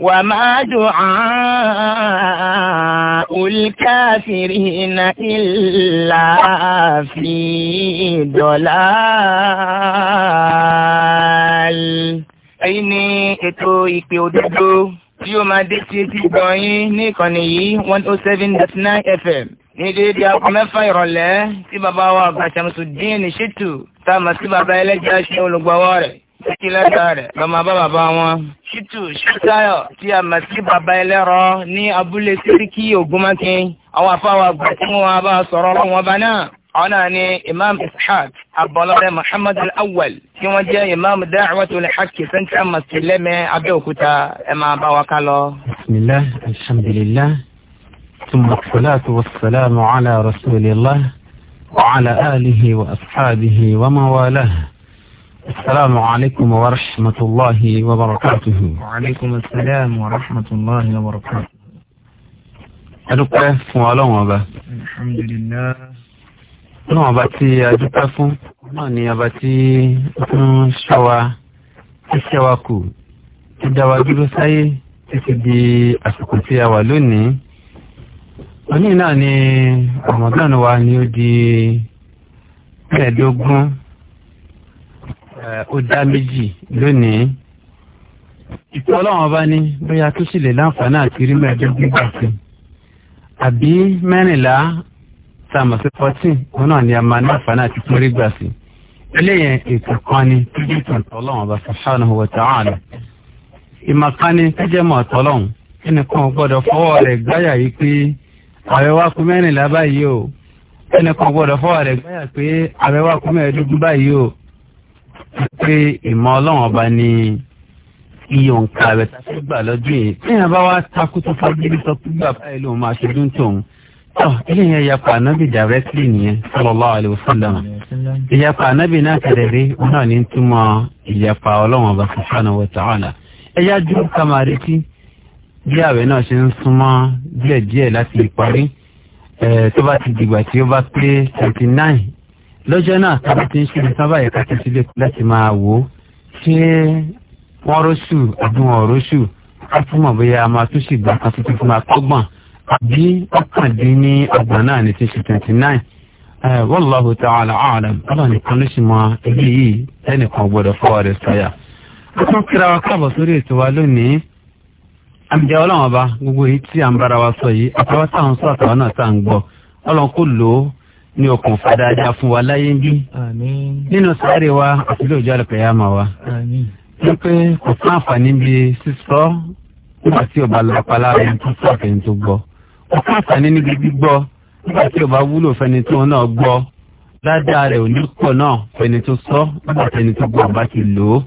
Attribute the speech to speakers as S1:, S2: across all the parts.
S1: وما دعاء الكافرين إلا في ضلال ni ètò ìpè òdodo tí ó máa dé sí etí ìgbọ̀n ní ìkànnì yìí one oh seven dot nine fm ní déédéé aago mẹ́fà ìrọ̀lẹ́ tí bàbá wa àgbà Ṣàmsùdíìnì Ṣítù tá a mọ̀ sí bàbá ẹlẹ́jà ṣe olùgbàwọ́ rẹ̀ títí lẹ́tà rẹ̀ lọ́mọ bá bàbá wọn ṣítù ṣítáyọ̀ tí a mọ̀ sí bàbá ẹlẹ́rọ ní abúlé síríkì ògúnmákin àwọn afáwà àgbà tí wọ́n bá sọ̀rọ̀ ọlọ́wọ́n bá náà àwọn náà ni imam ishaq abọ́lọ́rẹ́ muhammad al-awwal tí wọ́n jẹ́ imam da'watul haqq central mosque lẹ́mẹ́ abẹ́òkúta ẹ̀ máa bá wa ká lọ. bismillah
S2: alhamdulillah thumma salatu wa salamu ala rasulillah wa ala alihi wa ashabihi wa mawalah. السلام عليكم ورحمة الله وبركاته وعليكم السلام ورحمة الله وبركاته adúpẹ́ fún ọlọ́run ọba
S1: alhamdulillah
S2: ọlọ́run ọba tí a dúpẹ́ fún náà ni ọba tí ń ṣọwa tí ṣẹwa kù tí dáwà dúró sáyé títí di àsìkò tí a wà lónìí òní náà ni ọmọdé wa ni ó di mẹ́ẹ̀ẹ́dógún ó dá méjì lónìí ìtọ́ ọlọ́run bá ní bóyá tó sì lè láǹfààní àti rí mẹ́ẹ̀ẹ́dógún gbà sí àbí mẹ́rìnlá tá a mọ̀ sí fourteen òun náà ni a máa láǹfààní àti kúrí gbà sí eléyẹn ètò kan ni tó jẹ́ ìtàn ọlọ́run bá subhanahu wa ta'ala ìmọ̀ kan ni tó jẹ́ mọ̀ ọ̀tọ̀lọ́run ẹnìkan gbọ́dọ̀ fọwọ́ rẹ̀ gbáyà yìí pé àwẹ̀ wa kù mẹ́rìnlá báyìí o ẹnìkan gbọ́dọ̀ fọwọ́ rẹ̀ gbáyà pé àwẹ̀ wa kù mẹ́ẹ̀ẹ́dógún báyìí o pé ìmọ̀ ọlọ́run ọba ni iye òǹkà rẹ̀ tá a fẹ́ gbà lọ́dún yìí téèyàn bá wá takú tó sọ pé gbà báyìí lòun máa ṣe dún tòun tọ́ eléyìí ẹ̀yàpọ̀ ànábì directly nìyẹn sallallahu alaihi wasallam ìyàpọ̀ ànábì náà tẹ̀lé òun náà ní túmọ̀ ìyàpọ̀ ọlọ́run ọba subhanahu wa ta'ala ẹ̀yà dúró kàmá retí bí ààwẹ̀ náà ṣe ń súnmọ́ díẹ̀díẹ̀ láti ìparí tó bá ti dìgbà tí ó bá pé thirty nine lọ́jọ́ náà tàbí tí ń ṣe nǹkan báyìí ká ti sílẹ̀ láti máa wò ó ṣé wọ́n rọ́ṣù àbí wọ́n rọ́ṣù ká tún mọ̀ bóyá a máa tún sì gbà kan tuntun fún akọ́gbọ̀n àbí ọ̀kàndínní ọgbọ̀n náà ní ti ṣe twenty nine wallahu ta'ala a'lam ọlọ́run nìkan ló sì mọ ẹbí yìí ẹnìkan gbọ́dọ̀ fọwọ́ rẹ̀ sọ́yà. ó tún kíra wa káàbọ̀ sórí ètò wa lónìí àmìjẹ́ ọlọ́run ọba gbogbo ní okùnfà dáadáa fún wa láyé ń bí nínú sáré wa àti lóòjọ́ àlùkìyámà wa wípé kò fún àǹfààní bí sísọ nígbà tí ò bá lára ẹni tó sọ àfẹ́ni tó gbọ́ kò fún àǹfààní níbi gbígbọ́ nígbà tí ò wúlò fẹ́ni tó náà gbọ́ dáadáa rẹ̀ ò ní pọ̀ náà fẹ́ni tó sọ nígbà tẹ́ni tó gbọ́ bá ti lò ó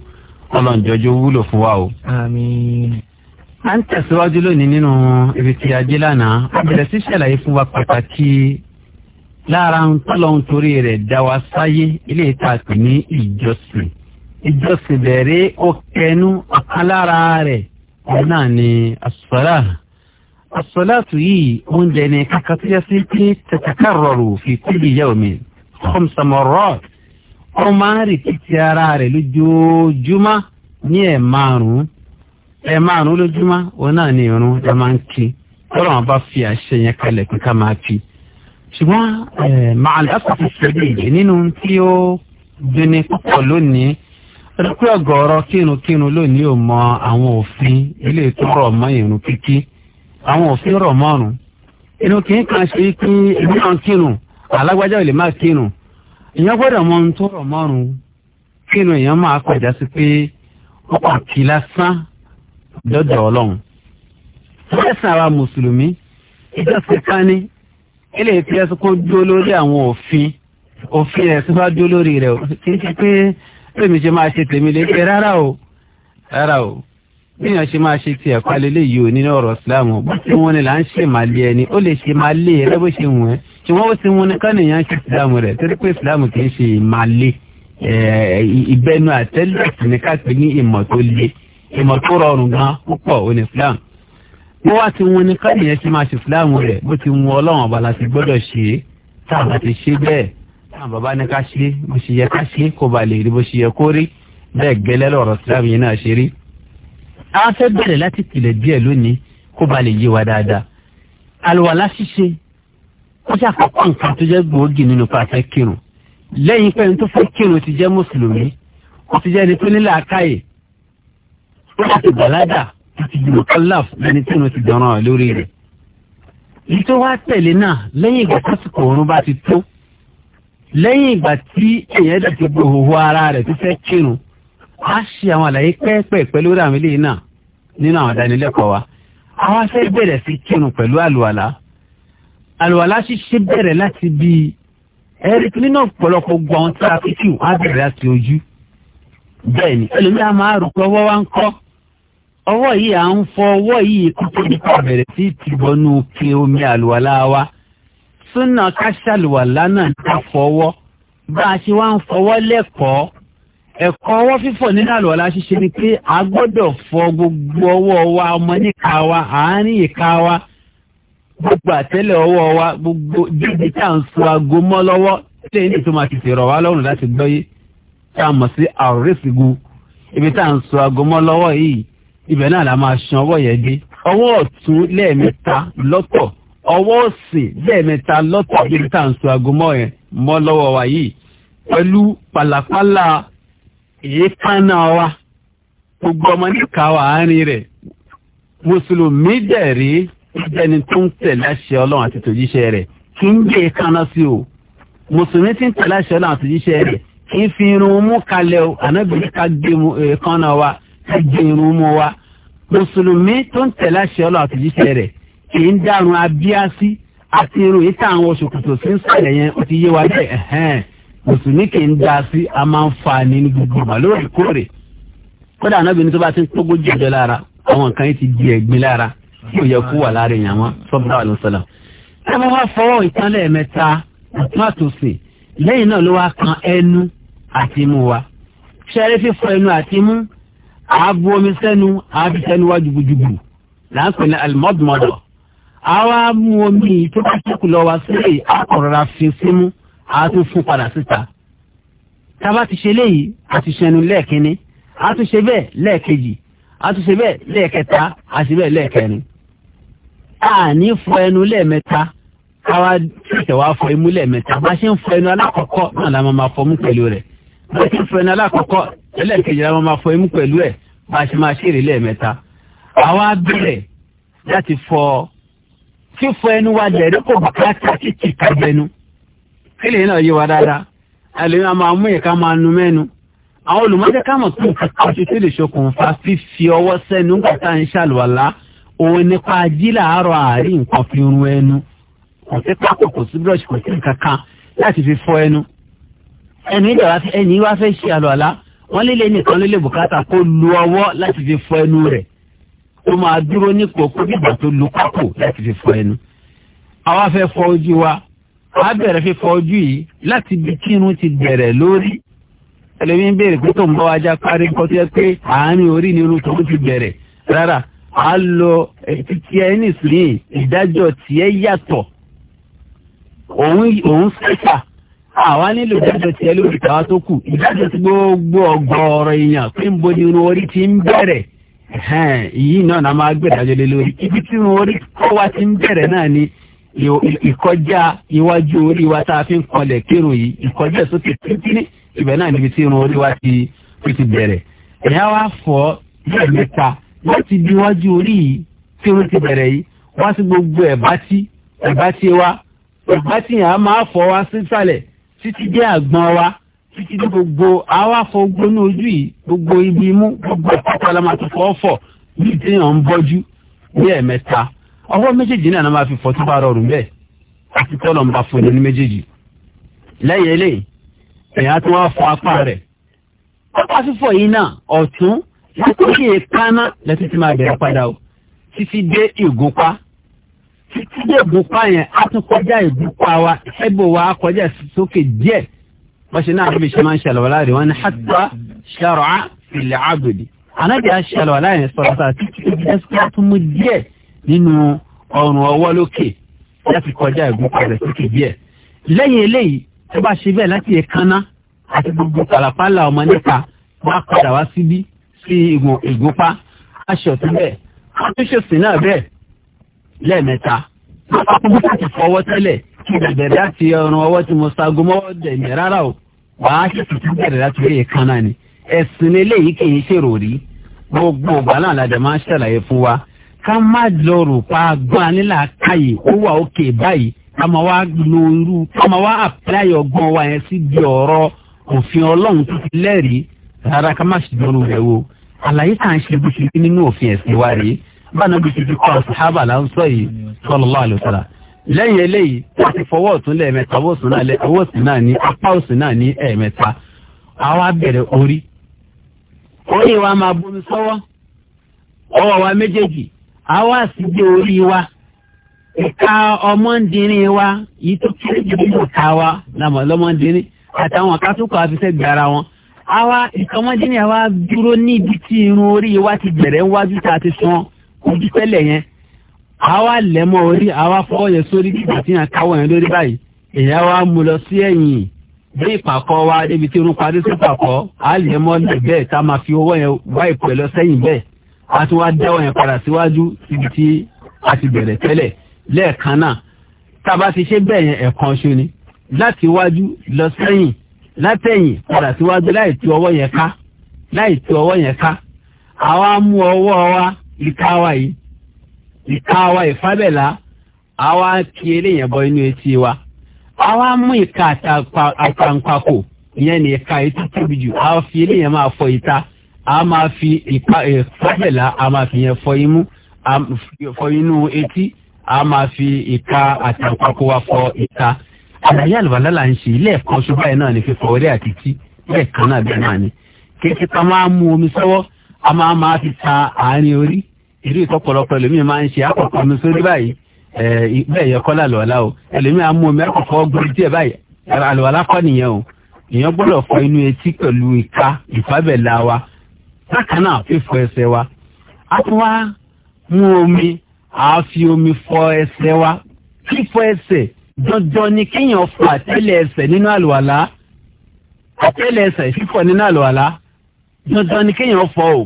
S2: ọlọ́njọ́jọ́ wúlò fún wa o. à ń tẹ̀síwájú lónìí nínú ibi tí a lánàá lára ń tọ́lọ̀ ń torí rẹ̀ dá wa sáyé ilé ìtàkì ní ìjọsìn ìjọsìn bẹ̀rẹ̀ ó kẹnu ọ̀kan lára rẹ̀ ọ̀hún náà ni àsọ̀rà àsọ̀làtù yìí oúnjẹ ni kàkà tó yẹ sí pé tẹ̀tẹ̀ká rọrù fi kúlì yẹ omi kọ́msàmọ̀rọ̀ ọ máa ń rìkìtì ara rẹ̀ lójoojúmọ́ ní ẹ̀ márùn-ún ẹ̀ márùn-ún lójúmọ́ òun náà ni irun ẹ̀ máa ń kí tọ́lọ̀ bá fi àṣẹ yẹn kalẹ̀ pé ká máa fi ṣùgbọ́n màálù àpàtì ṣẹlẹ̀ nínú tí ó dini púpọ̀ lónìí rẹ́pù ọ̀gọ̀ọ̀rọ̀ kírunkírun lónìí ò mọ àwọn òfin ilé tó rọ̀ mọ́ ìrun kíkí àwọn òfin rọ̀ mọ́rùn inú kì í kan ṣe pé ìlú náà kírun alágbájá ò lè má kírun èèyàn gbọ́dọ̀ mọ ohun tó rọ̀ mọ́rùn kírun èèyàn máa pẹ̀já sí pé wọ́n pa kí lásán dọ́dọ̀ ọlọ́run. ẹ̀sìn àwa mùsùlùmí ìjọsìn kan ní eléyìí tí ẹsùn kó dúró lórí àwọn òfin òfin ẹsùn bá dúró lórí rẹ o kì í ṣe pé tèmi ṣe máa ṣe tèmi lè pé rárá o rárá o bíyàn ṣe máa ṣe ti ẹ̀kọ́ alẹ́ yìí ò nínú ọ̀rọ̀ ìsìlámù bó ti wọn ni là ń ṣe máa lé ẹni ó lè ṣe máa lé ẹrẹ bó ṣe wù ẹ́ ṣùgbọ́n ó ti wọn ni kánìyàn ṣe ìsìlámù rẹ̀ torí pé ìsìlámù kì í ṣe máa lé ìbẹnu àtẹ́lẹ̀ ní ká pè ní ìmọ̀ tó le ìmọ̀ tó rọrùn gan púpọ̀ òní ìsìlámù bó wá ti wọn ni káyọ̀ yẹn ṣe máa ṣe fúláàmù rẹ̀ bó ti wọn ọlọ́run ọba la ti gbọ́dọ̀ ṣe é tá a bá ti ṣe bẹ́ẹ̀ táwọn bàbá ní ká ṣe bó ṣe yẹ ká ṣe kó ba lè rí bó ṣe yẹ kó rí bẹ́ẹ̀ gẹ́lẹ́ lọ́rọ̀ fúláàmù yẹn náà ṣe rí. a fẹ́ bẹ̀rẹ̀ láti tìlẹ̀ díẹ̀ lónìí kó ba lè yé wa dáadáa. àlùwàlá ṣíṣe ó ṣàkókò nǹkan tó jẹ́ gbòógì nínú pàṣẹ kírun lẹ́yìn àti jùlọ kálàf ẹni tí wọn ti dọ̀ràn lórí rẹ̀. èyí tó wá tẹ̀lé náà lẹ́yìn ìgbà tásìkò oorun bá ti tó lẹ́yìn ìgbà tí èèyàn dàtí gbòòhò ara rẹ̀ tó fẹ́ kírun á ṣe àwọn àlàyé pẹ́ẹ́pẹ́ẹ́pẹ́ lórí àwọn eléyìí náà nínú àwọn ìdánilẹ́kọ̀ọ́ wa àwa fẹ́ bẹ̀rẹ̀ sí kírun pẹ̀lú àlùwàlà àlùwàlà ṣíṣe bẹ̀rẹ̀ láti bíi ẹ̀rí nínú ọ̀pọ̀lọpọ̀ gbọ́ àwọn tí a fi kí wọ́n ọwọ́ yìí à ń fọ ọwọ́ yìí kókó nípa bẹ̀rẹ̀ sí ìtìbọnú kí omi àlùwàlá wa súnà káṣàlùwàlá náà ká fọwọ́ bá a ṣe wá ń fọwọ́ lẹ́kọ̀ọ́ ẹ̀kọ́ ọwọ́ fífọ̀ nínú àlùwàlá ṣíṣe ni pé a gbọ́dọ̀ fọ gbogbo ọwọ́ wa ọmọ níka wa àárín ìka wa gbogbo àtẹ́lẹ̀ ọwọ́ wa gbogbo dídí tá à ń so aago mọ́ lọ́wọ́ lẹ́yìn tí tó máa tètè rọ̀ wá lọ́rùn láti gbọ́ yé tá a mọ̀ sí àròrẹ́sìgù ibi tá à ń so aago mọ́ lọ́wọ́ yìí ibẹ̀ náà la máa ṣan ọwọ́ yẹn dé ọwọ́ ọ̀tún lẹ́ẹ̀mẹ́ta lọ́tọ̀ ọwọ́ òsì lẹ́ẹ̀mẹ́ta lọ́tọ̀ bí tá à ń so aago yẹn mọ́ lọ́wọ́ wa yìí pẹ̀lú pàlàpàlà èékánná wa gbogbo ọmọ níka wa àárín rẹ̀ mùsùlùmí dẹ̀ rí jẹ́ni tó ń tẹ̀lé àṣẹ ọlọ́run àti tòjíṣẹ́ rẹ̀ kí ń gbé èékánná sí o mùsùlùmí ti ń tẹ̀lé ọlọ́run àti tòjíṣẹ́ rẹ̀ kí ń fi irun mú kalẹ̀ o ànábìyí ká gbé èékánná wa ká jẹ irun mọ́ wa mùsùlùmí tó ń tẹ̀lé àṣẹ ọlọ́ àtẹ̀jíṣẹ́ rẹ̀ kì í dárun abíásí àti irun yìí tá àwọn ṣòkòtò sí ń sàlẹ̀ yẹn ó ti yé wa bẹ́ẹ̀ ẹ̀hẹ́n mùsùlùmí kì í dá sí a máa ń fa ní ní gbogbo ìgbà lóòrèkóòrè kódà anábìnrin tó bá ti ń tógó jẹjọ lára àwọn nǹkan yìí ti di ẹ̀gbin lára kí ó yẹ wà lára èèyàn wọn sọ́bùrà àlùsọ̀là ẹ àábu omi sẹ́nu àábi sẹ́nu wá jùgùjùgù láǹpẹ̀ ní alimọ́dùmọ́dọ̀ àwa mú omi tó bá sẹ́kù lọ́wọ́ sílẹ̀ àkọ̀rọ̀ra fi símú àátún fún padà síta tába ti ṣe léyìí àti sẹ́nu lẹ́ẹ̀kínní àtúnṣe bẹ́ẹ̀ lẹ́ẹ̀kejì àtúnṣe bẹ́ẹ̀ lẹ́ẹ̀kẹta àti bẹ́ẹ̀ lẹ́ẹ̀kẹrin àní fọ ẹnu lẹ́ẹ̀mẹ́ta káwa tẹ̀tẹ̀ wá fọ imú lẹ́ẹ̀mẹ́ta bá ṣe ń fọ ẹnu alákọ̀ọ́kọ́ náà la máa fọ mú pẹ̀lú rẹ̀ bá ṣe ń fọ ẹnu alákọ̀ọ́kọ́ ẹlẹ́ẹ̀kejì la máa fọ imú pẹ̀lú ẹ̀ bá a ṣe máa ṣèrè lẹ́ẹ̀mẹ́ta àwa bẹ̀rẹ̀ láti fọ fífọ ẹnu wa lẹ̀rí kò bùkátà títí kájẹnu kílè náà yé wa dáadáa àlè náà máa mú yẹn ká máa nu mẹ́nu àwọn olùmọ̀jẹ́ ká mọ̀ tún kàkà ṣe tó lè ṣokùnfà fífi ọwọ́ sẹ́nu nígbà tá à ń ṣàlùwàlá òun nípa ají làárọ̀ àárín nǹkan fi run ẹnu kò sí pákó kò sí búrọ̀ṣì kò sí nǹkan kan láti fi fọ ẹnu ẹnu ìdàrá ẹni wá fẹ́ ṣe àlùwàlá wọ́n lé lé nìkan ló lè bùkátà kó lu ọwọ́ láti fi fọ ẹnu rẹ̀ ó máa dúró nípò kó bìbà tó lu pákó láti fi fọ ẹnu. àwa fẹ́ fọ ojú wa a bẹ̀rẹ̀ fi fọ ojú yìí láti bí kírun ti bẹ̀rẹ̀ lórí. ẹlẹ́mìí béèrè pé tó ń bá wa já parí nǹkan tó yẹ pé àárín orí ni irun tòun ti bẹ̀rẹ̀ rárá a lọ títí ẹ nísìnyí ìdájọ́ tiẹ̀ yàtọ̀ òun sẹ́sà àwa nílò ìdájọ́ tiẹ̀ lórí ìkàwá tó kù ìdájọ́ ti gbogbo ọgọ́rọ̀ èèyàn pé ń bo ni irun orí ti ń bẹ̀rẹ̀ yìí náà la máa gbé ìdájọ́ lé lórí ibi tí irun orí kọ́ wa ti ń bẹ̀rẹ̀ náà ni ìkọjá iwájú orí wa tá a fi ń kọlẹ̀ kírun yìí ìkọjá sókè títí ibẹ̀ náà níbi tí irun orí wa ti ti bẹ̀rẹ̀ ẹ̀yà wa fọ́ ẹ̀mẹ́ta láti bí iwájú orí yìí tí irun ti bẹ̀rẹ̀ yìí wá sí gbogbo ẹ̀bá tí ẹ̀bá tí wa ẹ̀bá tí yẹn máa fọ́ wa sísàlẹ̀ títí dé àgbọ̀n wa títí dé gbogbo àwa fọ gbóná ojú yìí gbogbo ibi imú gbogbo ìpàtàlà máa tún fọ́ fọ̀ bí téèyàn ń bọ́jú ní ẹ̀mẹ́ta ọwọ́ méjèèjì náà máa fi fọ́ tó bá rọrùn bẹ́ẹ̀ àti tọ́lọ̀ ń bá fún ẹni méjèèjì lẹ́yìn eléyìí èèyàn tún wá fọ apá rẹ̀ apá fífọ̀ yìí náà ọ̀tún látòkè kánná lẹ́tí ti máa bẹ̀rẹ̀ padà o títí dé ìgúnpá títí dé ìbùpá yẹn á tún kọjá ìbùpá wa ẹ̀bù wa á kọjá sókè díẹ̀ wọ́n ṣe náà níbi ìṣẹ́má ń ṣàlùwà láàrin wọn ni hàtà ṣàrọ̀á ìlẹ̀ àbòdì ànábì á ṣàlùwà láàrin sọ̀rọ̀ sáà títí dé ẹ̀sìn á tún mú díẹ̀ nínú ọrùn ọwọ́ lókè láti kọjá ìbùpá rẹ̀ sókè díẹ̀ lẹ́yìn eléyìí tó bá ṣe bẹ́ẹ̀ láti èékánná àti gbogbo kàlàpàlà lẹ́ẹ̀mẹ́ta akókó láti fọwọ́ tẹ́lẹ̀ kí bẹ̀rẹ̀ láti ọrùn ọwọ́ tí mo sago mọ́wọ́ dẹ̀mí rárá o wàá ṣètò tí bẹ̀rẹ̀ láti rí èèkan náà ni ẹ̀sìn eléyìí kì í ṣèrò rí gbogbo ìgbà náà làdẹ̀ máa ń ṣàlàyé fún wa ká má lọ rò pa gbọ́n anílà káyè ó wà òkè báyìí ká máa wá lo irú ká máa wá àpíláyè ọgbọ́n wa yẹn sí bí ọ̀rọ̀ òfin ọlọ́run tó ti lẹ́rìí rárá ká má ṣèjọ́rù rẹ̀ wo àlàyé tá à ń ṣe bó ṣe nínú òfin ẹ̀sìn wa rèé bánabi ti fi kọ́ àṣàbà là ń sọ yìí sallallahu alaihi wasallam lẹ́yìn eléyìí wọ́n ti fọwọ́ ọ̀tún lẹ́ẹ̀mẹ́ta ọwọ́ ọ̀sùn náà ọwọ́ ọ̀sùn náà ní apá ọ̀sùn náà ní ẹ̀ẹ̀mẹ́ta àwa bẹ̀rẹ̀ orí orí wa máa bomi sọ́wọ́ ọwọ́ wa méjèèjì àwa sì gbé orí wa ìka ọmọdínrín wa yìí tó kéré jù nínú ìka wa lọmọdínrín àtàwọn akásùkọ̀ àfisẹ́ gbára wọn àwa ìkọmọdínrín àwa dúró ní tí irun orí wa ti bẹ̀rẹ̀ wájú tá a ti sùn kọjú tẹ́lẹ̀ yẹn àwa lẹ́mọ orí àwa fọwọ́ yẹn sórí nígbà tí yẹn káwọ́ yẹn lórí báyìí èyàn wa mú lọ sí ẹ̀yìn bí ìpàkọ́ wa débi tí irun parí sí ìpàkọ́ á lẹ́mọ bẹ́ẹ̀ tá a máa fi owó yẹn wá ìpò ẹ̀ lọ sẹ́yìn bẹ́ẹ̀ a tún wá dáwọ́ yẹn padà síwájú síbi tí a ti bẹ̀rẹ̀ tẹ́lẹ̀ lẹ́ẹ̀kan náà tá a bá ti ṣe bẹ́ẹ̀ yẹn ẹ̀kan ṣo ni láti iwájú lọ sẹ́yìn látẹ̀yìn padà síwájú láì tú ọwọ́ yẹn ká láì tú ọwọ́ yẹn ká àwa mú ọwọ́ wa ìkáwá yìí ìkáwá ìfábẹ́là àwa kí eléyàn bọ inú etí wa àwa mú ìka àtàǹpàkò ìyẹn ní ìka ètò tóbi jù àwa fi eléyàn máa fọ ìta a máa fi ìfábẹ́là a máa fi yẹn fọ imú fọ inú etí a máa fi ìka àtàǹpàkò wa fọ ìta àlàyé àlùbálà là ń ṣe ilé ẹ̀kọ́ ṣùgbọ́n báyìí náà ní fífọ orí àti tí bẹ́ẹ̀ kan náà bẹ́ẹ̀ náà ni kékeré ká máa mú omi sọ́wọ́ a máa máa fi ta àárín orí ìrí ìtọ́pọ̀lọpọ̀ ẹlòmíì máa ń ṣe àkọ́kọ́ mi sórí báyìí eh, bẹ́ẹ̀ yẹ kọ́lá lọ́la o ẹlòmíì á mú omi àkọ́kọ́ gbórí díẹ̀ báyìí àlọ́lá kọ́ nìyẹn o èèyàn gbọ́dọ̀ fọ inú etí pẹ̀lú ìka ìfábẹ́lá wa bákan náà fífọ ẹsẹ̀ wa a tún wá mú omi a fi omi fọ ẹsẹ̀ wa fífọ ẹsẹ̀ dandan ni kéèyàn fọ àtẹ́lẹ̀ ẹsẹ̀ nínú àlọ́lá àtẹ́lẹ̀ ẹsẹ̀ fífọ nínú àlọ́lá dandan ni kéèyàn fọ o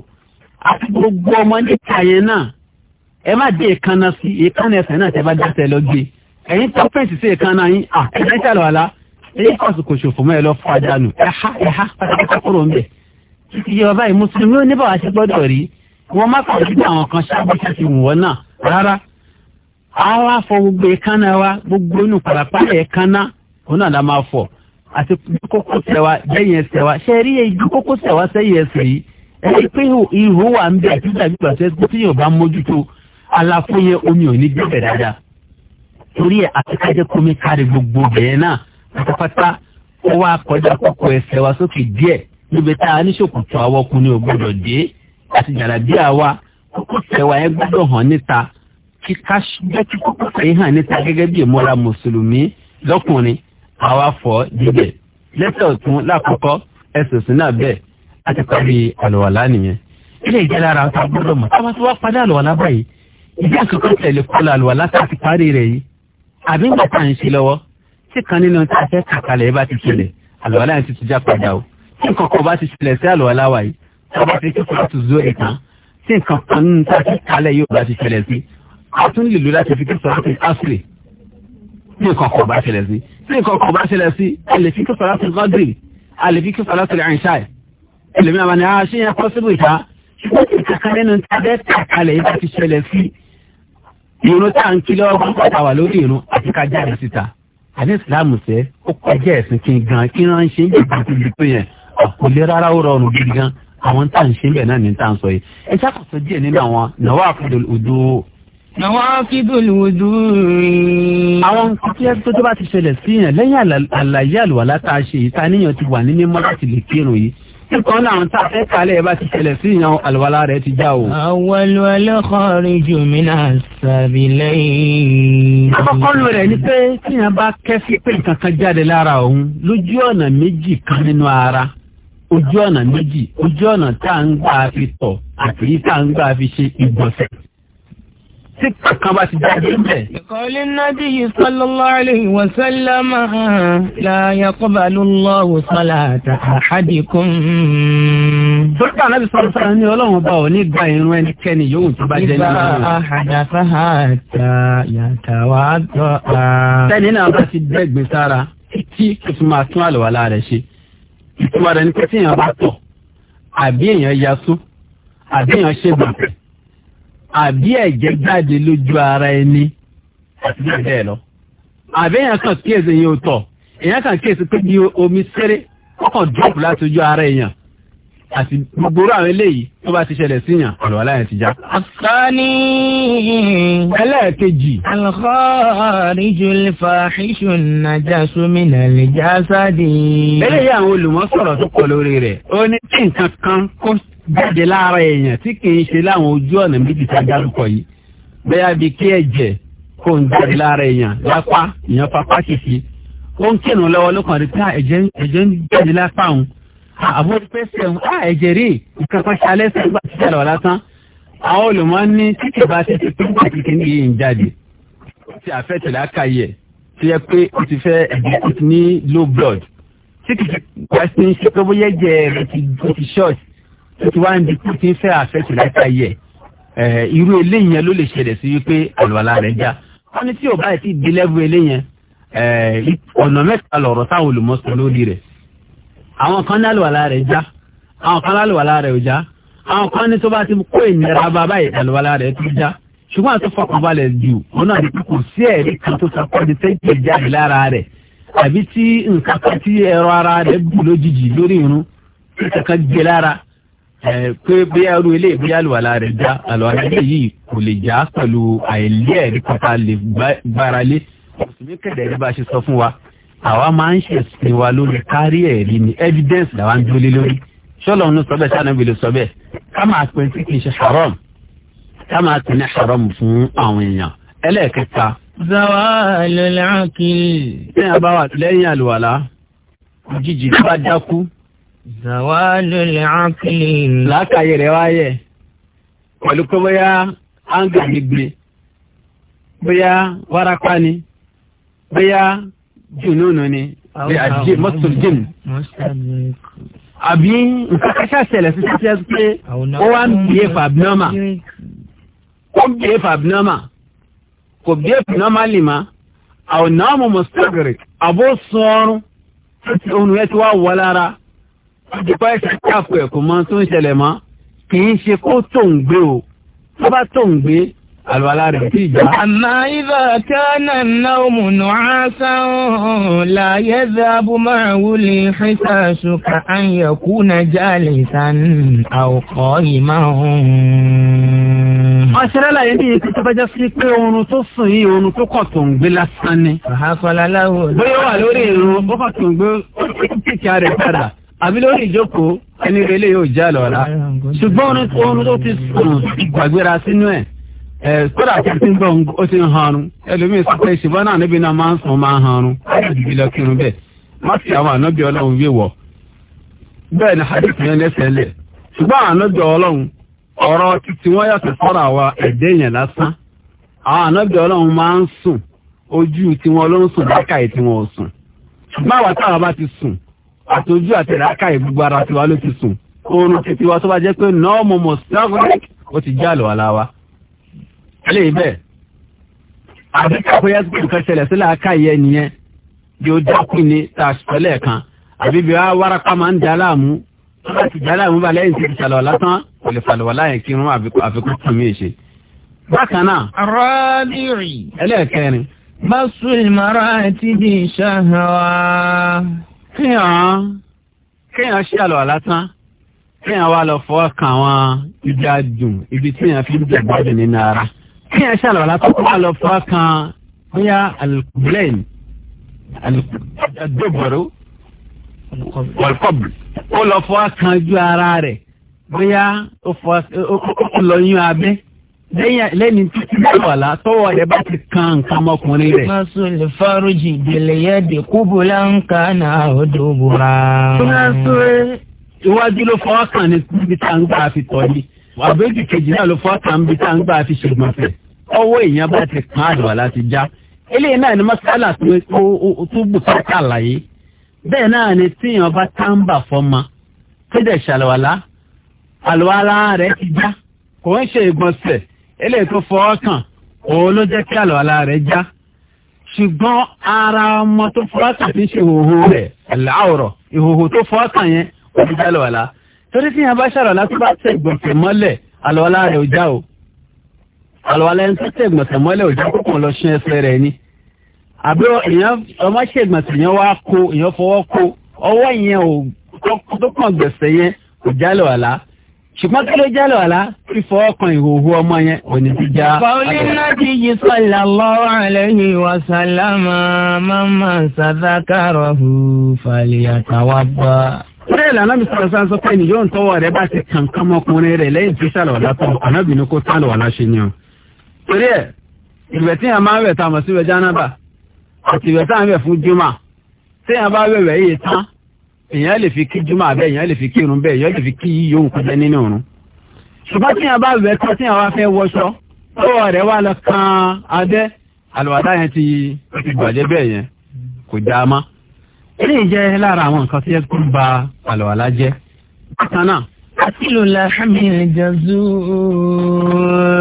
S2: àti gbogbo ọmọ níta yẹn náà ẹ má dé èékánná sí èékánná ẹsẹ̀ náà tẹ́ bá dáṣẹ́ lọ gbé ẹ̀yin tọ́pẹ̀ǹtì sí èékánná yín à ẹ̀yin ṣàlọ́ àlá ẹ̀yin kọ̀ọ̀sì kò ṣòfò mọ́ ẹ lọ fọ́ ajá nù ẹ̀há ẹ̀há pátákó kúrò ńbẹ̀ títí yẹ bàbá yìí mùsùlùmí ó ní bàbá ṣe gbọ́dọ̀ rí wọn má kọ̀ sí àwọn kan ṣáàbù ṣáàtì wọ̀ náà rárá la máa fọ àti kókó sẹwa lẹ́yìn ẹsẹ̀ wa ṣe rí kókó sẹwa sẹ́yìn ẹsẹ̀ ẹni pé ihò wà ń bẹ àti dàbí gbàṣẹ tíyàn bá mójútó àlàfo yẹn omi ò ní débẹ̀ dáadáa torí ẹ̀ àti kájẹ́ kómi kárí gbogbo bẹ̀rẹ̀ náà pátápátá ó wá kọjá kókó ẹsẹ̀ wa sókè díẹ̀ níbi tá a ní ṣòkòtò àwọn ọkùnrin ò gbọdọ̀ dé àti jàlábíà wa kókó tẹ̀wá ẹ gbọdọ̀ hàn níta kí ká kí kókó tẹ̀ hàn níta gẹ́gẹ́ bí ìmúra mùsùlùmí lọ́kùnrin àwa fọ́ dídẹ̀ lẹ́sẹ̀ lákòókò ẹsẹ̀ òsì náà bẹ́ẹ̀ a ti parí àlùwàlá nìyẹn ilé ìjẹ́lẹ̀ ara ta gbọ́dọ̀ mọ̀ táwọn tí wọ́n parí àlùwàlá báyìí ìdí àkọ́kọ́ tẹ̀lé kó la àlùwàlá tá a ti parí rẹ̀ yìí àbí ń gbàtà ń ṣe lọ́wọ́ tí kan nínú tá a fẹ́ kàkàlẹ̀ yìí bá ti ṣẹlẹ̀ àlùwàlá yẹn ti tún já padà o tí nǹkan kan bá ti ṣẹlẹ̀ sí àlùwàlá wa yìí tó bá ti kíkọ́ láti zó ìtàn tá a ti kàlẹ̀ bá a tún lè lò láti fi kíkọ́ láti áfírì tí nǹkan kan bá ṣẹlẹ̀ sí tí nǹkan kan bá ṣẹlẹ̀ sí a lè fi kíkọ́ láti gọ́dìrì ẹlòmí àwọn ni a ah, ṣe yẹn pọ́sibú ìta ṣùgbọ́n kí kankan nínú ta bẹ́ẹ̀ tà kalẹ̀ bá ti ṣẹlẹ̀ sí irun tá à ń kí lọ́wọ́ pàtà wà lórí irun àti ká jáde síta àní ìsìláàmù sẹ́ ó kọjá ẹ̀sìn kí n gan kí n ṣe ń jẹ́ ìdíje tó yẹn kò lè rárá ó rọrùn gidi gan àwọn tá à ń ṣe ń bẹ̀ náà ní tá à ń sọ yìí ẹ ṣàkóso díẹ̀ nínú àwọn nàwa àfọdù ojú. nàwa fídùn ojú. àwọn nǹkan tí tó bá ti ṣẹlẹ̀ sí yẹn lẹ́yìn àlàyé àlùwàlá tá a ṣe yìí tá níyàn ti wà ní mímọ́ láti lè kírun yìí kíkan náà ń ta ẹ̀kálẹ̀ bá ti
S1: ṣẹlẹ̀ sí ìyàn àlùwalá rẹ̀ ti já o. àwọlùwalẹ̀ kọrin jù mí náà sàbílẹ̀ yìí. àkọ́kọ́lù rẹ̀ ni pé tíyàn bá kẹ́sí pé nǹkan kan jáde lára
S2: òun lójú ọ̀nà méjì kan nínú ara ojú ọ̀nà méjì ojú ọ̀nà tá à ń gbà fi tọ̀ àti tá à ń gbà fi ṣe ìgbọ̀nsẹ̀ tí kankan bá ti jáde ńbẹ̀.
S1: ìkọ́lé nábì sallallahu alayhi wa sallam la yaqbalu Allahu salata ahadikum. sọ́kà nábì
S2: sọ̀rọ̀ sọ̀rọ̀ ní ọlọ́run bá ò ní gba irun ẹnikẹ́ni yóò tó bá jẹ́ nínú ìgbà àdàfà àtà yàtà wà á tọ́ a. sẹ́ni náà bá ti dẹ́gbẹ̀ sára tí kò tún máa tún àlùwàlá rẹ̀ ṣe. ìtumọ̀ rẹ̀ ni pé tí èèyàn bá tọ̀ àbí èèyàn yasú àbí èèyàn ṣègbọ̀n àbí ẹ̀jẹ̀ jáde lójú ara ẹni àti bẹ́ẹ̀ bẹ́ẹ̀ lọ. àbí èèyàn kan kíyèsí yín ó tọ̀ èèyàn kan kíyèsí pé bí omi sẹ́rẹ́ kọ́kàn drop láti ojú ara èèyàn àti gbogbo àwọn eléyìí tó bá ti ṣẹlẹ̀ síyàn ọ̀rọ̀ aláyẹn ti já.
S1: àsánì. ẹlẹ́ẹ̀kejì. al-kharijul fahishun najasu minal jasadi. eléyìí àwọn olùmọ̀
S2: sọ̀rọ̀ tó kọ lórí rẹ̀
S1: ó ní kí nǹkan kan kó
S2: jáde lára èèyàn tí kì í ṣe láwọn ojú ọ̀nà méjì tá a dárúkọ yìí bẹ́ẹ̀ bí kí ẹ̀jẹ̀ kò ń jáde lára èèyàn lápá èèyàn papá kìkì ó ń kírun lọ́wọ́ ló kàn rí pé ah, ẹ̀jẹ̀ ń jáde lápá òun ah, àbúrò pé sẹ́wọ̀n á ah, ẹ̀jẹ̀ rí nǹkan kan ṣalẹ́ sẹ́wọ̀n nígbà tí ìṣẹ̀lẹ̀ wà lásán àwọn olùmọ̀ ní títí bá ti ti pín nígbà kíkì ní yìí ń jáde ti àfẹ́tẹ̀lé àkàyẹ̀ ti yẹ pé o ti fẹ́ ẹ̀jẹ̀ o ti ní low blood tí kìkì wá ṣe pé bóyá ẹ̀jẹ̀ rẹ̀ ti ṣọ́ọ̀ṣì tí wàá ń di kú tí ń fẹ́ àfẹ́tì láìka yẹ irú eléyìí yẹn ló lè ṣẹlẹ̀ sí wípé àlùwàlá rẹ̀ já wọ́n ní tí ò báyìí ti di lẹ́bù eléyìí yẹn ọ̀nà mẹ́ta lọ̀rọ̀ táwọn olùmọ̀sọ lórí rẹ̀ àwọn kan ní àlùwàlá rẹ̀ já àwọn kan lálùwàlá rẹ̀ ò já àwọn kan ní tó bá ti kó ìnira bá báyìí àlùwàlá rẹ̀ tó já ṣùgbọ́n àti fọkànbalẹ̀ jù wọn kò sí ẹ̀rí kan tó sọ pé tẹ́jì jáde pé bí arú ilé bí àlùwàlá rẹ̀ já àlùwàlá rẹ̀ yìí kò lè já pẹ̀lú àìlí ẹ̀rí kọta lè gbáralé mùsùlùmí kẹ̀dẹ̀ ní bá a ṣe sọ fún wa àwa máa ń ṣẹ̀sìn wa lórí kárí ẹ̀rí ni evidence làwa ń dúró lórí ṣọlọ ń sọ bẹ́ẹ̀ sànà ìbílẹ̀ sọ bẹ́ẹ̀ ká máa pè tí kì í ṣe haram ká máa pè ní haram fún àwọn èèyàn ẹlẹ́ẹ̀kẹta.
S1: zawalul akil. bí a bá lẹ́yìn àlùwàlá òjijì bá dákú zawalu lakili.
S2: làákàyè rẹ̀ wá yẹ̀ pẹ̀lú pé bóyá anga ni gbé bóyá warapa ni bóyá jununu ni bí àjẹ mọ́tòlù jìm àbí nǹkan kẹsà ṣẹlẹ̀ sí títí ẹ pé
S1: ó wá ń bíye fà abnorma
S2: ó ń bíye fà abnorma kò bíye fà normally ma àwọn náà mo mọ̀ sọ́gìrì àbó sọ́ọ́rùn ohun ẹ ti wá wọ lára ìdìpọ̀ ẹ̀sẹ̀ káàpù ẹ̀kọ́ mọ́ tó ń ṣẹlẹ̀ mọ́ kì í ṣe kó tó ń gbé o tó bá tó ń gbé àlùwàlá rẹ̀ ti jà.
S1: àmọ́ ìbá kánà náà mú nù láyé dábò máa fẹ́sà ṣùkà àyẹ̀kú náà jálè sàn àwòkọ́ ìmáhùn. Aṣẹ́rẹ́là yìí ní ètò tó bá sí pé oorun
S2: tó sùn yìí oorun tó kọ̀ tó ń gbé lásán ni. Àhàkọ́lá láwọ̀. Bóyá wà lórí ìrún, ó kọ̀ tó ń gbé ó kéèké rẹ̀ padà. àbí lórí ìjókòó ẹni rẹ lè yóò já lọ́la ṣùgbọ́n tó ti gbàgbéra sínú ẹ̀ ẹ kódà kí n ti gbọ́ ó ti ń hanrun ẹlòmíín sọ pé ṣùgbọ́n náà níbi náà máa ń sùn máa ń hanrun láti dìbì kírun bẹ́ẹ̀ má sì àwọn ànábì ọlọ́run wé wọ̀ bẹ́ẹ̀ ni hadith yẹn lẹ́sẹ̀ lẹ̀ ṣùgbọ́n àwọn ànábì ọlọ́run ọ̀rọ̀ títí wọ́n yàtọ̀ àtòjú àti ìrákà ìgbogbo ara tiwa ló ti sùn oorun tètè wa tó bá jẹ́ pé nọ́ọ̀mù mọ̀sáfírík ó ti já lọ àlá wa. alẹ́ bẹ́ẹ̀ àbí káfíńyà tó kàn ṣẹlẹ̀ sílẹ̀ aká yẹ nìyẹn yóò dákun ni tá a sọlẹ̀ kan àbí bí wàá wárápá máa ń da láàmú tó bá ti da láàmú balẹ̀ yìí ti ti lásán kò lè fàlùwà láyé kí irun àfikún tún mí ṣe.
S1: bákan náà. rọ́ọ̀lì. ẹlẹ́ẹ̀kẹrin. bá sùn ìmọ̀ràn àti
S2: kéèyàn kéèyàn ṣe àlọ́ àlátán kéèyàn wá lọ fọ́ kan àwọn ibi àdùn ibi tí èèyàn fi ń jẹ̀gbọ́n dùn nínú ara kéèyàn ṣe àlọ́ àlátán kó wá lọ fọ́ kan bóyá alukubulain alukubaro wọlkọbù ó lọ fọ́ kan ju ara rẹ̀ bóyá ó lọ yún abẹ́ lẹ́yìn tí ti bá wà lá tọ́wọ́ rẹ̀ bá ti kan nǹkan ọmọkùnrin rẹ̀. masul faruji dèlèyẹ
S1: de kúbula ń ka
S2: náà ó dùbúra. túnṣe iwájú ló fọwọ́ kàn ní níbi tá ń gbà fi tọ́ ni àbẹ́jì kejì náà ló fọwọ́ kàn níbi tá ń gbà fi ṣègbọ̀nfẹ̀ ọwọ́ èèyàn bá ti kan àdùn àlá ti já eléyìí náà ni masala tó bùkátà àlàyé bẹ́ẹ̀ náà ni tíyàn bá táǹbà fọ́mọ tó dẹ̀ ṣàlùwàlá àlùwàlá rẹ̀ ti já kò ń ṣe ìgbọ̀nsẹ̀ eléyìí tó fọwọ́ kàn òun ló jẹ́ kí àlùwàlá rẹ̀ já ṣùgbọ́n ara ọmọ tó fọwọ́ kàn fi ṣe ìhòhò rẹ̀ láwùrọ̀ ìhòhò tó fọwọ́ kàn yẹn ó ti já àlùwàlá torí tí yẹn bá ṣàlùwàlá tó bá tẹ̀ gbọ̀nsẹ̀ mọ́lẹ̀ àlùwàlá rẹ̀ ò já o àlùwàlá ẹni tó tẹ̀ gbọ̀nsẹ̀ mọ́lẹ̀ ò já kókò lọ ṣe ẹsẹ̀ rẹ̀ ni àbí ọmọ ṣe gbọ̀nsẹ̀ yẹn wá kó ìyẹn fọwọ́ kó ọwọ́ yẹn ò tó kàn gbẹ̀sẹ̀ yẹn kò já àlùwàlá ṣùgbọ́n kí ló jẹ́ lọ́la fífọ ọkàn ìhòòhò ọmọ yẹn òní ti já. paulina ti
S1: yí sallallahu alayhi wa sallama máma sadakarahu falyatawadda. Ṣé ìlànà mi sọ̀rọ̀ sáńsọ pé ni yóò ń tọ́wọ́ rẹ bá ti kàn kán
S2: ọmọkùnrin rẹ̀ lẹ́yìn tí sàlọ̀ látọ̀ ànábìínú kó sàlọ̀ wàlá ṣe ni o. Torí ẹ̀ ìwẹ̀ tí yẹn máa ń wẹ̀ tá sí wẹ̀ jánábà àti ìwẹ̀ tá èèyàn lè fi kí jùmọ̀ bẹ́ẹ̀ èèyàn lè fi kí irun bẹ́ẹ̀ èèyàn lè fi kí yíyó nǹkan jẹ́ nínú irun. ṣùgbọ́n tí yàn bá wẹ̀ tán tí yàn wá fẹ́ wọṣọ tọ́wọ́ rẹ̀ wá lọ kan adẹ́ àlùwàdá yẹn ti ti bàjẹ́ bẹ́ẹ̀ yẹn kò dáa mọ́. eléyìí jẹ́ lára àwọn nǹkan tí yẹn kú ba àlùwàlá jẹ́. bákan náà. àtìlù la hàmìlì jazú.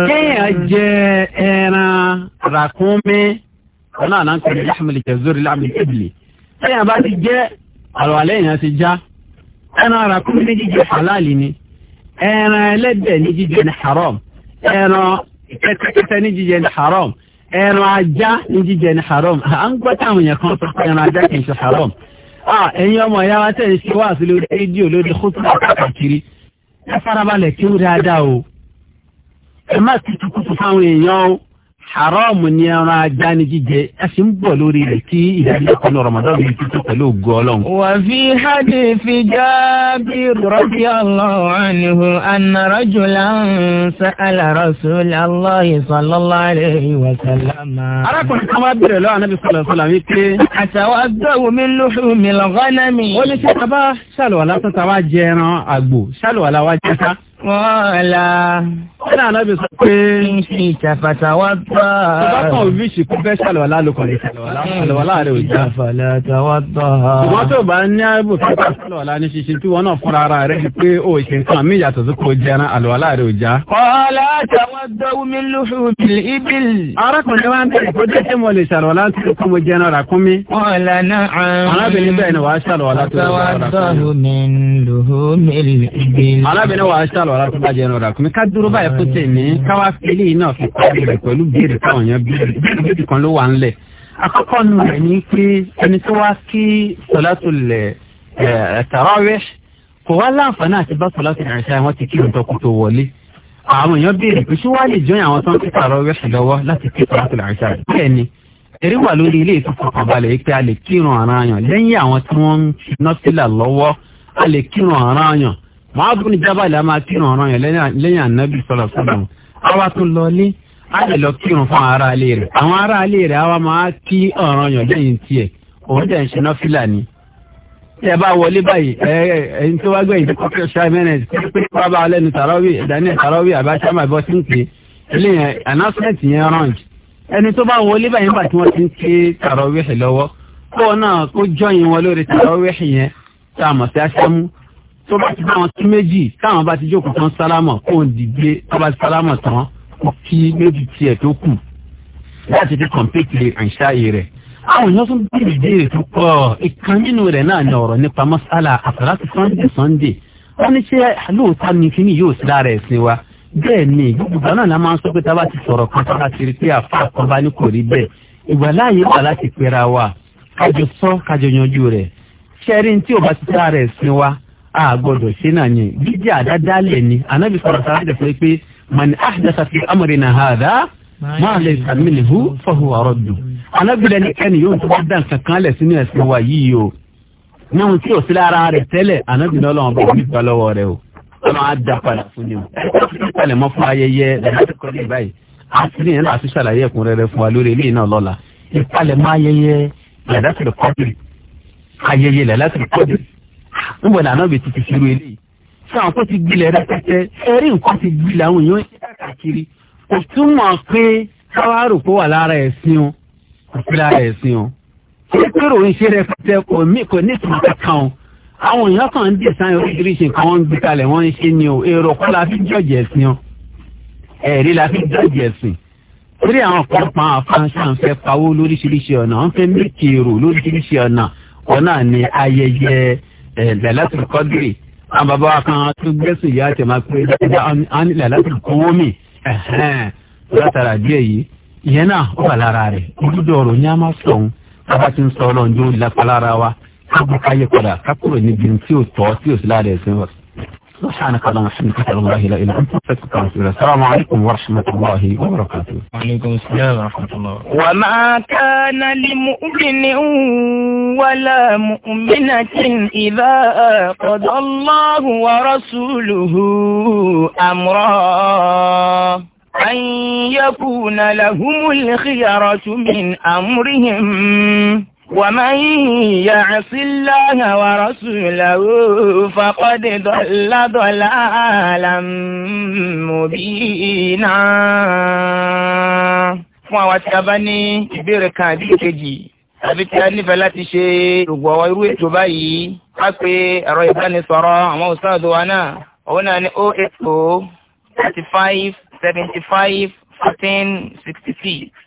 S2: kéèyàn jẹ ẹran ràkúnmí ọ̀nà àná àlùwàlá èèyàn ti já ẹran ara kúrú ní jíjẹ halali ni ẹran ẹlẹ́dẹ̀ ní jíjẹ ní haram ẹran kẹ́tẹ́kẹ́tẹ́ ní jíjẹ ní haram ẹran ajá ní jíjẹ ní haram à ń gbọ́ táwọn èèyàn kan sọ pé ẹran ajá kì í ṣe haram ẹ̀yin ọmọ ìyá wa tẹ̀ ń ṣe wáàsí lórí rédíò lórí kótópà káàkiri ẹ farabalẹ̀ kí ó dáadáa o ẹ má ti tukùtù fáwọn èèyàn o haram ni ẹran ajá ni jíjẹ a sì ń bọ̀ lórí rẹ̀ kí ìdájọ́ kan lọ Ramadan bíi tuntun pẹ̀lú ògo ọlọ́run.
S1: wà fi hadithi Jabir radiyallahu anhu anna rajulan sa'ala rasulallahi sallallahu alayhi wa sallam. arákùnrin
S2: kan wá bèrè lọ́wọ́ anábì sọ̀rọ̀ mi pé. àtàwàdàwù min luhumil ghanami. ó ní sábà ṣàlùwàlá tó ta wá jẹ ẹran àgbò ṣàlùwàlá wá jẹ ká.
S1: Wọ́ọ̀lá. Ṣé ànábì sọ pé. Kí n ṣe ìṣàfàtà wá tọ́. Tó bá kàn òbí ṣì kú fẹ́ ṣàlùwàlá lókàn lè ṣàlùwàlá. Ṣàlùwàlá rẹ̀ ò já. Ìṣàfàlàtà wá tọ́. Ṣùgbọ́n tó
S2: bá ní ààbò tó bá ṣàlùwàlá ní ṣíṣe tí wọ́n náà fúnra ara rẹ̀ pé ó ṣe nǹkan mí yàtọ̀ tó kó jẹran àlùwàlá rẹ̀ ò já.
S1: Ọ̀la tàwọn dọ́wọ́ mi lóṣùwìl ibil. Arákùnrin wa ń bẹ̀rẹ̀ kó jẹ́
S2: mo lè ṣàlùwàlá tó kó mo jẹran rà kún mi.
S1: Ọ̀la náà. Arábìnrin bẹ́ẹ̀ ni ṣàlùwàlá Àtàwọn dọ́wọ́ mi lóṣùwìl ibil sàlùwàlá
S2: tó bàjẹ́ ẹran ràkúnmí ká dúró báyìí fún tèmi káwá fílẹ̀ iná fi parí rẹ̀ pẹ̀lú béèrè káwọn yẹn béèrè kan ló wà ń lẹ̀. àkọ́kọ́ nu rẹ̀ ni pé ẹni tó wá kí sọ̀látù lẹ̀ eh, tarawih kò wá láǹfààní àti bá sọ̀látù ìrìnsẹ̀ wọn ti kí ìtọ́kù tó wọlé àwọn èèyàn béèrè pé ṣé wàá lè jọyìn àwọn tó ń kíkà rọ wẹ́sì lọ́wọ́ láti kí sọ̀látù ìrìnsẹ̀ bẹ́ẹ̀ ni eré wà lórí ilé ìfọkàn balẹ̀ pé a lè kírun àrà yàn lẹ́yìn àwọn tí wọ́n ń nọ́sílà lọ́wọ́ a lè kírun àrà yàn Mu'adh bin Jabal la máa kírun ọ̀ràn yẹn lẹ́yìn ànábì sọ̀rọ̀ sọ̀rọ̀ àwa tún lọ lé a lè lọ kírun fún ara alé rẹ̀ àwọn ara alé rẹ̀ àwa máa kí ọ̀ràn yẹn lẹ́yìn tiẹ̀ òun jẹ́ ìṣe náà fìlàní. ẹ bá wọlé báyìí ẹ ẹ ẹni tó wá gbẹ̀yìn tó kọ́ ṣáà mẹ́rin pé wá bá lẹ́nu tàràwí daniel tàràwí àbáṣámà bọ́ sí ń pè é ilé yẹn announcement yẹn rán ẹni tó bá wọlé báyìí nígbà tí wọ́n ti ń ké tàràwí lọ́wọ́ kó náà kó jọyìn wọn lórí tàràwí yẹn tá a mọ̀ sí aṣámú tó bá ti dáwọn sí méjì táwọn bá ti jókòó tán sálámọ̀ kó ń dìde tó bá ti sálámọ̀ tán kí méjì tiẹ̀ tó kù láti fi kọ̀m̀pẹ́tì àǹṣáyé rẹ̀ àwọn èèyàn tún bẹ̀rẹ̀ ìbéèrè tó pọ̀ ìkan nínú rẹ̀ náà ni ọ̀rọ̀ nípa mọ́sálà àtàlátì sunday sunday wọ́n ní ṣé lóòótọ́ ni kíní yóò sí lára ẹ̀sìn wa bẹ́ẹ̀ ni gbogbo náà la máa ń sọ pé tá a bá ti sọ̀rọ̀ kan tá a ti rí pé àfa kan bá ní kò rí bẹ́ẹ̀ ìgbà láàyè wà láti pera wa kájọ sọ kájọ yanjú rẹ̀ ṣẹ́rin tí ò bá ti sára ẹ̀sìn wa a gbọ́dọ̀ ṣe náà ni jíjẹ àdádálẹ̀ ni anabi sọ̀rọ̀ sáré dẹ fún pé mani ahdasa fi amrina hadha máa lè sàmìlì hu fahuwa raddu anabi lẹni ẹni yóò tó bá dàn kankan lẹ sínú ẹsìn wa yìí o náà tí o sílẹ̀ ara rẹ̀ tẹ́lẹ̀ anabi ní ọlọ́wọ́n bá mi gbà lọ́wọ́ rẹ o ọlọ́wọ́n á da padà fún ni o ẹ mọ fún ayẹyẹ lẹ́yìn kọ́ ní báyìí àti ní ẹ̀rọ àti ṣàlàyé ẹ̀kúnrẹ́rẹ́ níbo làná bẹ ti ti ṣerú eléyìí sáwọn kó ti gbilẹ̀ rẹpẹtẹ ẹrí nǹkan ti gbilẹ̀ àwọn èèyàn ṣe káàkiri kò túmọ̀ pé káwárò kó wà lára ẹ̀sìn o kò sí lára ẹ̀sìn o ṣé pérò ń ṣe rẹpẹtẹ kò ní kò ní ìtumọ̀ kankan o àwọn èèyàn kan ń dè sáyẹn oríṣiríṣi nǹkan wọn ń gbé kalẹ̀ wọ́n ń ṣe ni o èrò kọ́ la fi jọ́jì ẹ̀sìn o ẹ̀rí la fi jọ́jì ẹ̀sìn torí àwọn kan pa àfáńṣá ń fẹ́ pawó lóríṣiríṣi ọ̀nà ń fẹ́ mí kèrò lóríṣiríṣi ọ̀nà ọ̀nà ni ayẹyẹ Eh, lẹ́lẹ́tìrì kọ́dìrì àwọn bàbá kan tún gbẹ́sù ìyá àti ẹ̀ma pé wọ́n ní lẹ́lẹ́tìrì kọ́wọ́mì látara díẹ̀ yìí ìyẹn náà ó wà lára rẹ̀ ojúdọ̀ ọ̀rọ̀ ní a máa sọ òun bàbá ti ń sọ ọlọ́run jó lápá lára wa ká bọ́ káyé padà ká kúrò níbi tí ò tọ́ tí ò sí lára ẹ̀sìn ọ̀sán. سبحانك اللهم وبحمدك اشهد ان لا اله الا انت استغفرك واتوب اليك السلام عليكم ورحمه الله وبركاته
S1: وعليكم السلام ورحمه الله وما كان لمؤمن ولا مؤمنة إذا قضى الله ورسوله أمرا أن يكون لهم الخيرة من أمرهم ومن يعص الله ورسوله فقد ضل ضلالا مبينا fún àwọn tí a bá ní ìbéèrè kan àbí ìkejì àbí tí a nífẹ̀ẹ́ láti ṣe ìgbọ̀wọ́ irú ètò báyìí a pè ẹ̀rọ ìbánisọ̀rọ̀ àwọn òṣèlú wa náà òun náà ní 080 35 75 14 66.